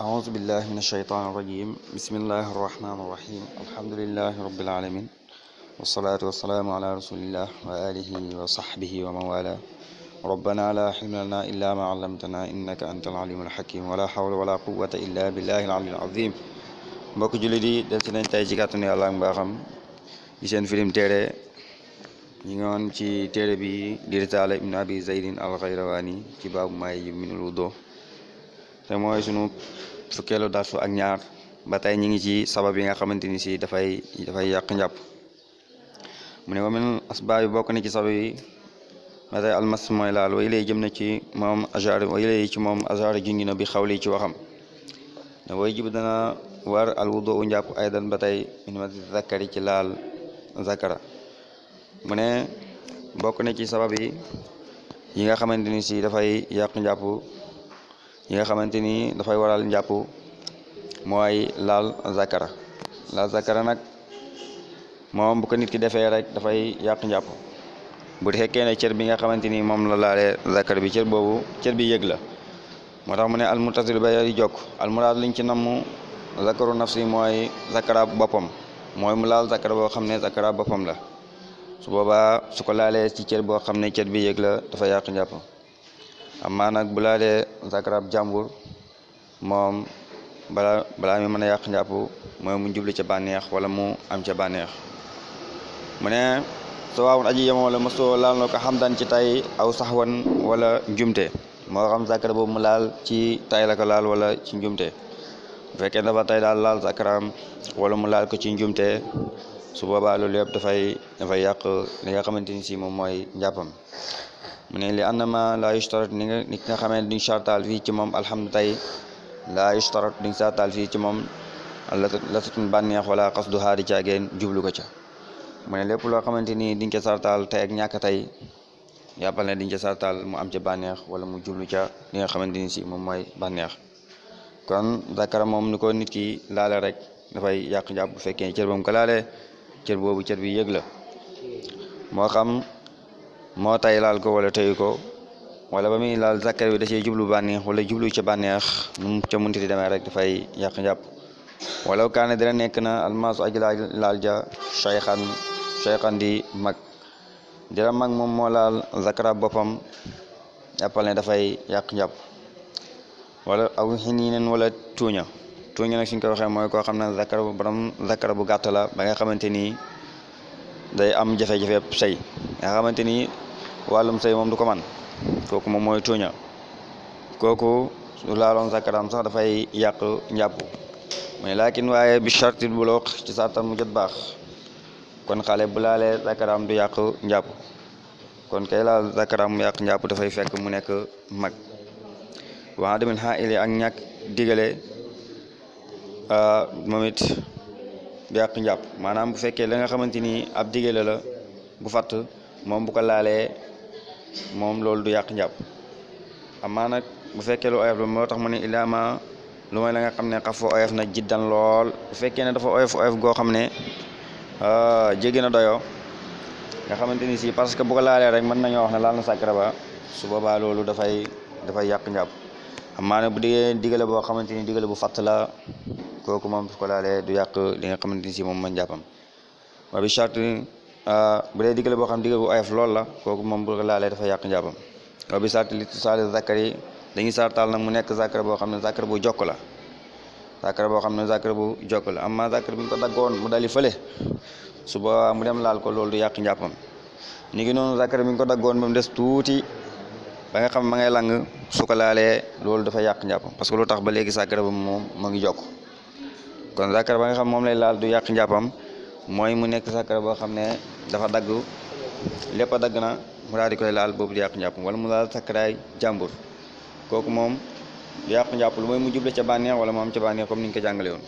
أعوذ بالله من الشيطان الرجيم بسم الله الرحمن الرحيم الحمد لله رب العالمين والصلاة والسلام على رسول الله وآله وصحبه ومن والاه ربنا لا حلم لنا إلا ما علمتنا إنك أنت العليم الحكيم ولا حول ولا قوة إلا بالله العلي العظيم mbokk jullit yi del si nañ tey ci kàttanu yàlla ak mbaaxam ci seen filim téere ñi ngi woon ci téere bi di ritaala ibnu abi zaydin al xayrawaani ci baabu maay yi minul wudo te mooy sunu fukkeelu darsu ak ñaar ba tey ñi ngi ci sabab yi nga xamante ni si dafay dafay yàq njàpp mu ne wa min asbaab bokk na ci sabab yi ba tey almas laal way lay jëm na ci moom ajar way lay ci moom ajar jungi na bi xawli ci waxam ne way jib dana war alwudu u njàpp aydan ba tey min ma ci laal zakara mu ne bokk na ci sabab yi yi nga xamante ni si dafay yàq njàpp yi nga xamante ni dafay waral njàpp mooy laal zakara laal zakara nag moom bu ko nit ki defee rek dafay yàq njàpp bu fekkee ne cër bi nga xamante ni moom la laalee zakara bi cër boobu cër bi yëg la moo tax mu ne almutasil ba di jokk almuraad liñ ci namm zakaru nafsi mooy zakara boppam mooy mu laal zakara boo xam ne zakara boppam la su boobaa su ko laalee ci cër boo xam ne cër bi yëg la dafa yàq njàpp amma nag bu laalee zakarab jàmbur moom bala balaa mi mën a yàq njàpp mooy mu jubli ca bànneex wala mu am ca bànneex mu ne so waawun aji yemoo la mosoo laal na ko xamdan ci tay aw sax wan wala njumte moo xam zakara boobu mu laal ci tay la laal wala ci njumte bu fekkee dafa tay daal laal zakaram wala mu laal ko ci njumte su boobaa loolu yëpp dafay dafay yàq li nga xamante ni si moom mooy njàppam mu ne li annama la yushtarat ni nga ni nga xamee duñ sartaal fii ci moom alhamdu tey la yushtarat duñ sartaal fii ci moom lasatun bànneex wala xasdu haari caageen jublu ko ca mu ne lépp loo xamante ni diñ ca sartaal tey ak ñàkk tey yàppal ne diñ ca sartaal mu am ca bànneex wala mu jublu ca li nga xamante ni si moom mooy bànneex kon zakara moom ni ko nit ki laale rek dafay yàq njàpp bu fekkee cër ba mu ko boobu cër bi yëg la moo xam moo tay laal ko wala teyu ko wala ba muy laal zakkar bi da cee jublu bànneex wala jublu ci bànneex nu ca munti di demee rek dafay yàq njàpp walaw kaane dara nekk na almaasu aji laal ja cheyxan di mag dira mag moom moo laal zakara boppam jàppal dafay yàq njàpp wala aw xiniinen wala tuuña tuuña nag suñ ko waxee mooy koo xam ne zakara borom zakara bu gàtt la ba nga xamante nii day am jafe-jafe sëy nga xamante ni wàllum sëy moom du koman man kooku moom mooy tuña kooku su laaloon sakaraam sax dafay yàq njàpp mais laakin waaye bi chartil buloog ci sartan mu jot baax kon xale bu laalee sakaraam du yàq njàpp kon kay laal sakaraam yàq njàpp dafay fekk mu nekk mag waa demit xa ili ak ñàkk digale ah, moom it du yàq njàpp maanaam bu fekkee la nga xamante ni ab digale la bu fatt moom bu ko laalee moom loolu du yàq njàpp amaa nag bu fekkee lu oyof la moo tax mu ne illaa lu mooy la nga xam ne xafu oyof na jiddan lool bu fekkee ne dafa oyof oyof goo xam ne ah, jéggi na doyoo nga xamante ni si parce que bu ko laalee rek mën nañoo wax ne laal na sàkkara ba su boobaa loolu dafay dafay yàq njàpp amaa bu digee boo xamante ni bu fatt la kooku moom su ko laalee du yàq li nga xamante ni si moom man jàppam wa bi charte ah, bu dee digal boo xam digal bu oyof lool la kooku moom bu laalee dafa yàq njàppam wa bi charte li saali zakkar yi dañuy sartaal nag mu nekk zakkar boo xam ne zakkar bu jokk la zakkar boo xam ne zakkar bu jokk la amma zakkar bi ñu ko daggoon mu dali fële su boobaa mu dem laal ko loolu du yàq njàppam ni ngi noonu zakkar bi ñu ko daggoon ba mu des tuuti ba nga xam ma ngay lang su ko laalee loolu dafa yàq njàppam parce que lu tax ba léegi zakkar bu moom mu ngi jokk kon zakar ba nga xam moom lay laal du yàq njàppam mooy mu nekk zakar boo xam ne dafa dagg lépp dagg na mu daal di koy laal boobu du yàq njàppam wala mu laal sakaraay jàmbur kooku moom du yàq lu mooy mu juble ca bànneex wala mu am ca bànneex comme ni ko jàngale woon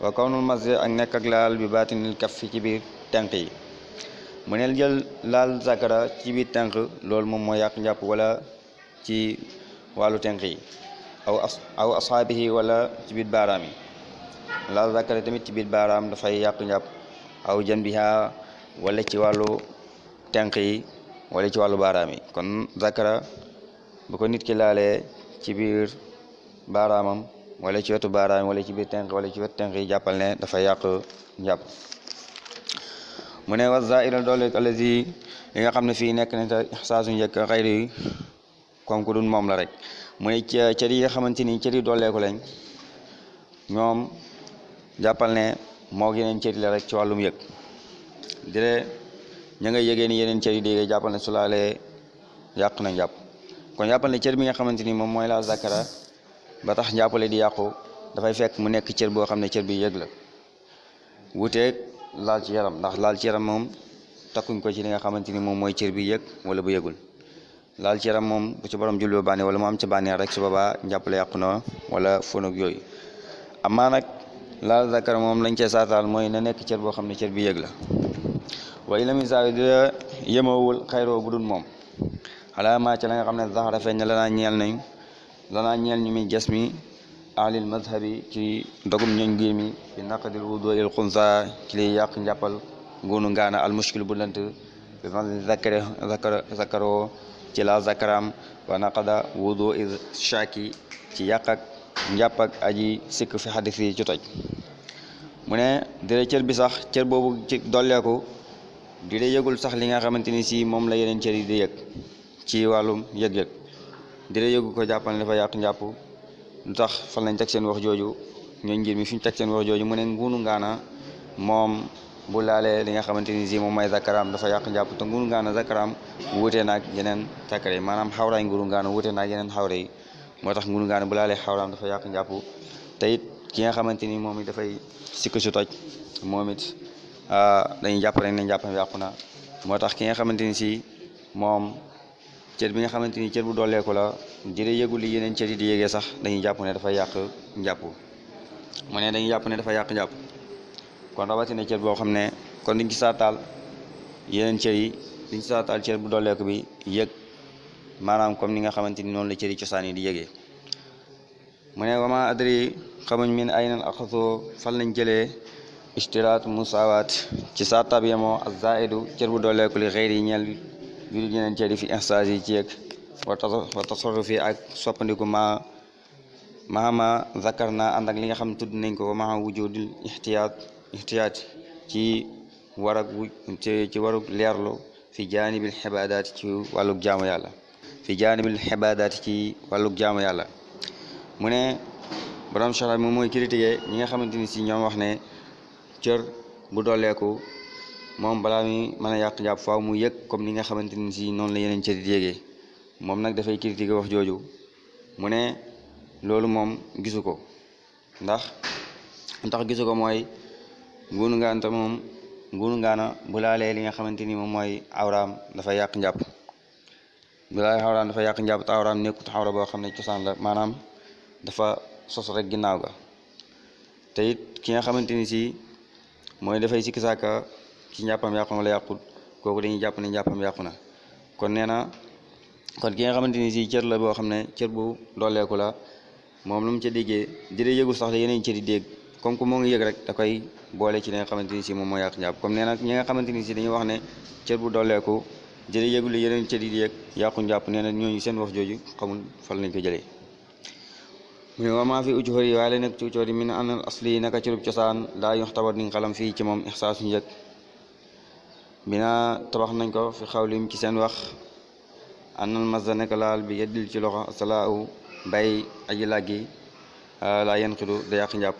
waaw kaw nul ak nekk ak laal bi baatinil kaf fi ci biir tenq yi mu neel jël laal zakara ci biir tenq loolu moom mooy yàq njàpp wala ci wàllu tenq yi aw aw asxaabihi wala ci biir baaraam yi la zakari tamit ci biir baaraam dafay yàqu njàpp jan biha wala ci wàllu tenq yi wala ci wàllu baaraam yi kon zakara bu ko nit ki laalee ci biir baaraamam wala ci wetu baaraam wala ci biir tenq wala ci wetu tenq yi jàppal ne dafay yàq njàpp mu ne wa doole alazi li xam ne fi nekk na te saasu njëkk xayri yi comme moom la rek mu ne cër yi nga xamante ni cër yi dooleeku jàppal ne moo yeneen cër yi la rek ci wàllum yëg dire ña ngay yëgee ni yeneen cër yi dégg jàppal su laalee yàq na njàpp kon jàppal ne cër bi nga xamante ni moom mooy la zakara ba tax njàppale di yàqu dafay fekk mu nekk cër boo xam ne cër bi yëg la wuteeg laal ci yaram ndax laal ci moom takkuñ ko ci li nga xamante ni moom mooy cër bi yëg wala bu yëgul laal ci yaram moom bu ci borom julli ba bànneex wala mu am ci bànneex rek su boobaa njàppale yàqu na wala fonog yooyu laal zakar moom lañ cee saataal mooy na nekk cër boo xam ne cër bi yëg la waaye la misaawi di la yemawul xayroo bu moom xalaa maa xam ne zaxara feeñ na lanaa ñeel nañ lanaa ñeel ñu mi ges mi ahlil mazhabi ci dogum ñooñ ngir mi ci liy yàq njàppal nguunu ngaana al mushkil bu lënt bi ci la zakkaraam wa naqada wudo il shaki ci yàq njàpp aji sikk fi xadis yi ci toj mu ne dire cër bi sax cër boobu ci dolleeku di de yëgul sax li nga xamante ni si moom la yeneen cër di yëg ci wàllum yëg-yëg dire yëgu ko jàppal dafa yàqu njàpp lu tax fan lañ teg seen wax jooju ñoo njir mi fi ñu teg seen wax jooju mu ne nguunu ngaana moom bu laalee li nga xamante ni si moom mooy zakaraam dafa yàq njàpp te nguunu ngaana zakaraam wuute naag yeneen càkkare yi maanaam xawraay nguuru ngaana wuute naag yeneen xawra yi moo tax munu ngaa ne bu laalee xawraam dafa yàq njàpp te ki nga xamante ni moom it dafay sikk si toj moom it ah, dañuy jàpp rek ne njàppam yàqu na moo tax ki nga xamante ni si moom cër bi nga xamante ni cër bu dooleeku la jëre yëgul li yeneen cër di yëgee sax dañuy jàpp ne dafa yàq njàpp mu ne dañuy jàpp ne dafa yàq njàpp kon rawatina cër boo xam ne kon diñ ci saataal yeneen cër yi diñ ci cër bu dolleeku bi yëg maanaam comme ni nga xamante ni noonu la cëri cosaan yi di yëgee mu ne wama adri xamuñ min aynan axasoo fan lañ jëlee istiraat musawaat ci saa tabiyamoo ak zaidu cër bu dooleeku li fi instance yi ci yëg wa ak soppandiku ma maama zakar na ànd ak li nga xam tudd nañ ko maa wujudul ihtiyaat ci warag ci warug leerlu fi jaanibil xibaadaat ci wàllug jaamu yàlla bi jaanibil xibaadaati ci wàllug jaamu yàlla mu ne borom soxla moom mooy critiquer ñi nga xamante ni si ñoom wax ne cër bu dooleeku moom balaa mi mën a yàq jàpp faaw mu yëg comme ni nga xamante ni si noonu la yeneen cër di yégee moom nag dafay critiquer wax jooju mu ne loolu moom gisu ko ndax ndax gisu ko mooy nguunu ngaanta moom nguunu ngaana bu laalee li nga xamante ni moom mooy awraam dafay yàq njàpp bilaay xawraan dafa yàq njàpp te awraam nekkut xawra boo xam ne cosaan la maanaam dafa sos rek ginnaaw ga te ki nga xamante ni si mooy dafay sikki saaka ci njàppam yàqu na wala kooku dañuy jàpp ne njàppam yàqu na kon nee na kon ki nga xamante ni si cër la boo xam ne cër bu dooleeku la moom lu mu ca déggee jëdee yëgu sax da yeneen cër yi dégg comme que moo ngi yëg rek da koy boole ci li nga xamante ni si moom moo yàq njàpp comme nee na ñi nga xamante ni si dañuy wax ne cër bu dooleeku jële yëgul yeneen cër yi di yëg yàqu njàpp nee ñooñu seen wax jooju xamul fan lañ ko jëlee mu ne wamaa fi ujuhóor yi waaye la nekk ci ujuhóor yi min anal asli yi naka ci rub cosaan laa yuxtabar xalam fii ci moom ixsaasu njëg binaa tabax nañ ko fi xawlim ci seen wax na masa nekk laal bi yeddil ci loxo salaahu bay aj làggi ah, laa yen xidu da yàq njàpp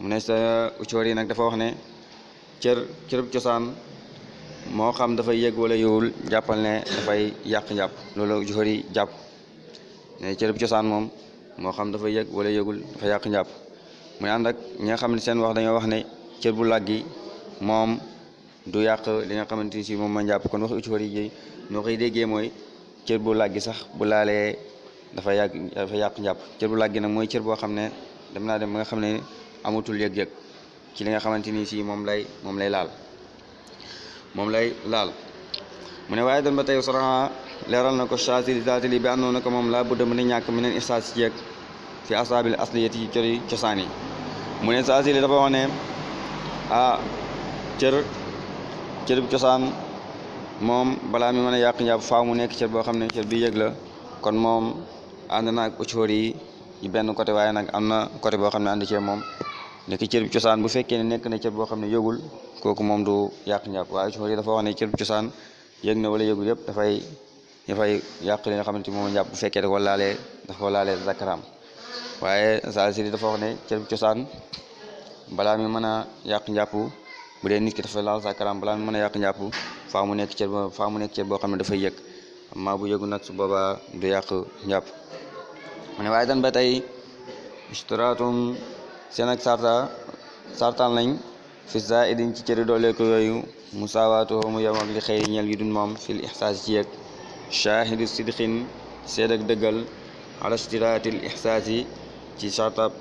mu ne sa ujuhóor yi nag dafa wax ne cër cërub cosaan moo xam dafay yëg wala yowul jàppal ne dafay yàq njàpp loolu joxër yi jàpp ne cërëb cosaan moom moo xam dafay yëg wala yëgul dafa yàq njàpp muy ànd ak ñi nga xam ne seen wax dañoo wax ne cër bu làggi moom du yàq li nga xamante ni si moom ma njàpp kon wax joxër yi noo koy déggee mooy cër bu làggi sax bu laalee dafa yàq dafa yàq njàpp cër bu làggi nag mooy cër boo xam ne dem naa dem ba nga xam ne amatul yëg-yëg ci li nga xamante ni si moom lay moom lay laal moom lay laal mu ne waaye dan ba tey sara leeral na ko shaasi saa zaati li bi àndoon ko moom laa budda mu ne ñàkk mu neen istaas ci yeeg fi asaabil asliyati yi cëri cosaan yi mu ne saasi dafa wax ne ah cër cërib cosaan moom balaa mi mën a yàq njàpp faaw mu nekk cër boo xam ne cër bi yëg la kon moom ànd na ak ucóor yi benn côté waaye nag am na côté boo xam ne ànd cee moom léegi cër bi cosaan bu fekkee nekk na cër boo xam ne yëgul kooku moom du yàq njàpp waaye soxor yi dafa wax ne cër bi cosaan yëg yëpp dafay dafay yàq li nga xamante moom njàpp bu fekkee da ko laalee dafa ko laalee zakaraam waaye saasir yi dafa wax ne cër bi cosaan balaa mi mën a yàq njàpp bu dee nit ki dafa laal zakaraam balaa mi mën a yàq njàpp faa mu nekk cër faa mu nekk cër boo xam ne dafay yëg amma bu yëgu nag su boobaa du yàq njàpp mu ne waaye dan tey istiraatum seen ak sarta sartal nañ fi zaidin ci cëri doole ko yooyu musaawaatu mu yem ak li xëy ñel yu dun moom fil ixsaas ci yëg shaahidu sidqin seed ak dëggal ala istiraatil ixsaas yi ci sartab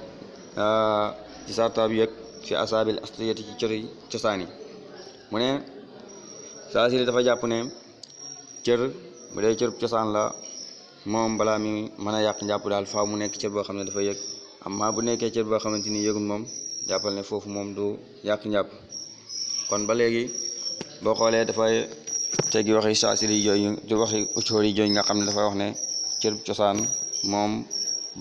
ci sartab cëri cosaan yi mu ne saa li dafa jàpp ne cër bu dee cër cosaan la moom balaa mi mën yàq jàpp daal faaw mu nekk cër boo xam ne dafa yëg amma bu nekkee cër boo xamante ni moom jàppal ne foofu moom du yàq njàpp kon ba léegi boo xoolee dafa dafay teggi waxi saasili jooyu di waxi ucoor yi jooyu nga xam ne dafay wax ne cër cosaan moom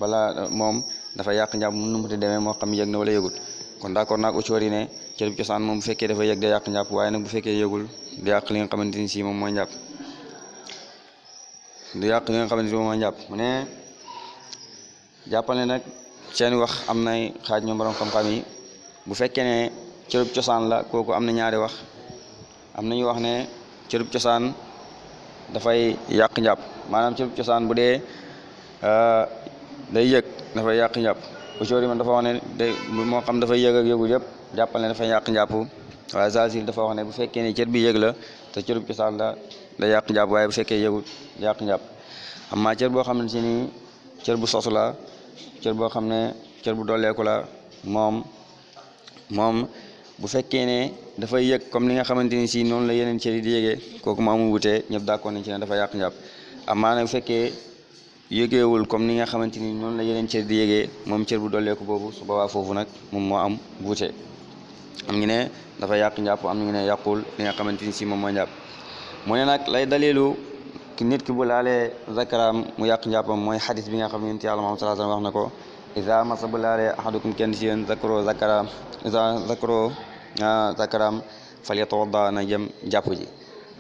balaa moom dafa yàq njàpp mu nu mu demee moo xam yëg na wala yëgul kon d'accord naag ucoor ne cër cosaan moom fekkee dafa yëg da yàq njàpp waaye nag bu fekkee yëgul yàq li nga xamante ni si moom mooy yàq li nga xamante ni moom mooy njàpp jàppal ne nag seeni wax am na xaaj ñoom borom xam-xam yi bu fekkee ne cërub cosaan la kooku am na ñaari wax am na nañu wax ne cërub cosaan dafay yàq njàpp maanaam cërub cosaan bu dee ah, day yëg dafay yàq njàpp ujóor yi dafa wax ne day moo xam dafay yëg ak yëgul yëpp jàppal ne dafay yàq njàpp waaye dafa wax ne bu fekkee ne cër bi yëg la te cërub cosaan la da yàq njàpp waaye bu fekkee yëgul yàq njàpp amaa cër boo xam ne si nii cër bu sos la cër boo xam ne cër bu dooleeku la moom moom bu fekkee ne dafay yëg comme ni nga xamante ni si noonu la yeneen cër yi di yëgee kooku mu amul wutee ñëpp d'accord nañ ci ne dafa yàq njàpp amaana bu fekkee yëgeewul comme ni nga xamante ni noonu la yeneen cër di yëgee moom cër bu dooleeku boobu su boobaa foofu nag moom moo am wute am ngi ne dafa yàq njàpp am ngi ne yàqul li nga xamante ni si moom moo njàpp mu ne nag lay dalilu ki nit ki bu laalee zakaraam mu yàq njàppam mooy xadis bi nga xam ne yonent yàlla Muhammad sallallahu alayhi wa sallam wax na ko isa masa bu laalee ahadukum kenn si yéen zakaro zakaraam isa zakaro ah, zakaraam fal yatawadda na jëm jàpp ji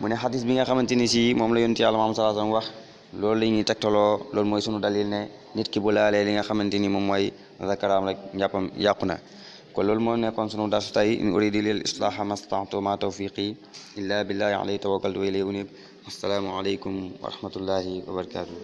mu ne xadis bi nga xamante ni si moom la yonent yàlla Muhammad sallallahu alayhi wa sallam wax loolu la ñuy tegtaloo loolu mooy sunu dalil ne nit ki bu laalee li nga xamante ni moom mooy zakaraam rek njàppam yàqu na kon loolu moo nekkoon sunu darsu tey in uridu lil islaaha mastata'tu ma tawfiqi illa billahi alayhi tawakkaltu wa ilayhi unib assalaamu aleykum wa rahmatullahi wa barakatuh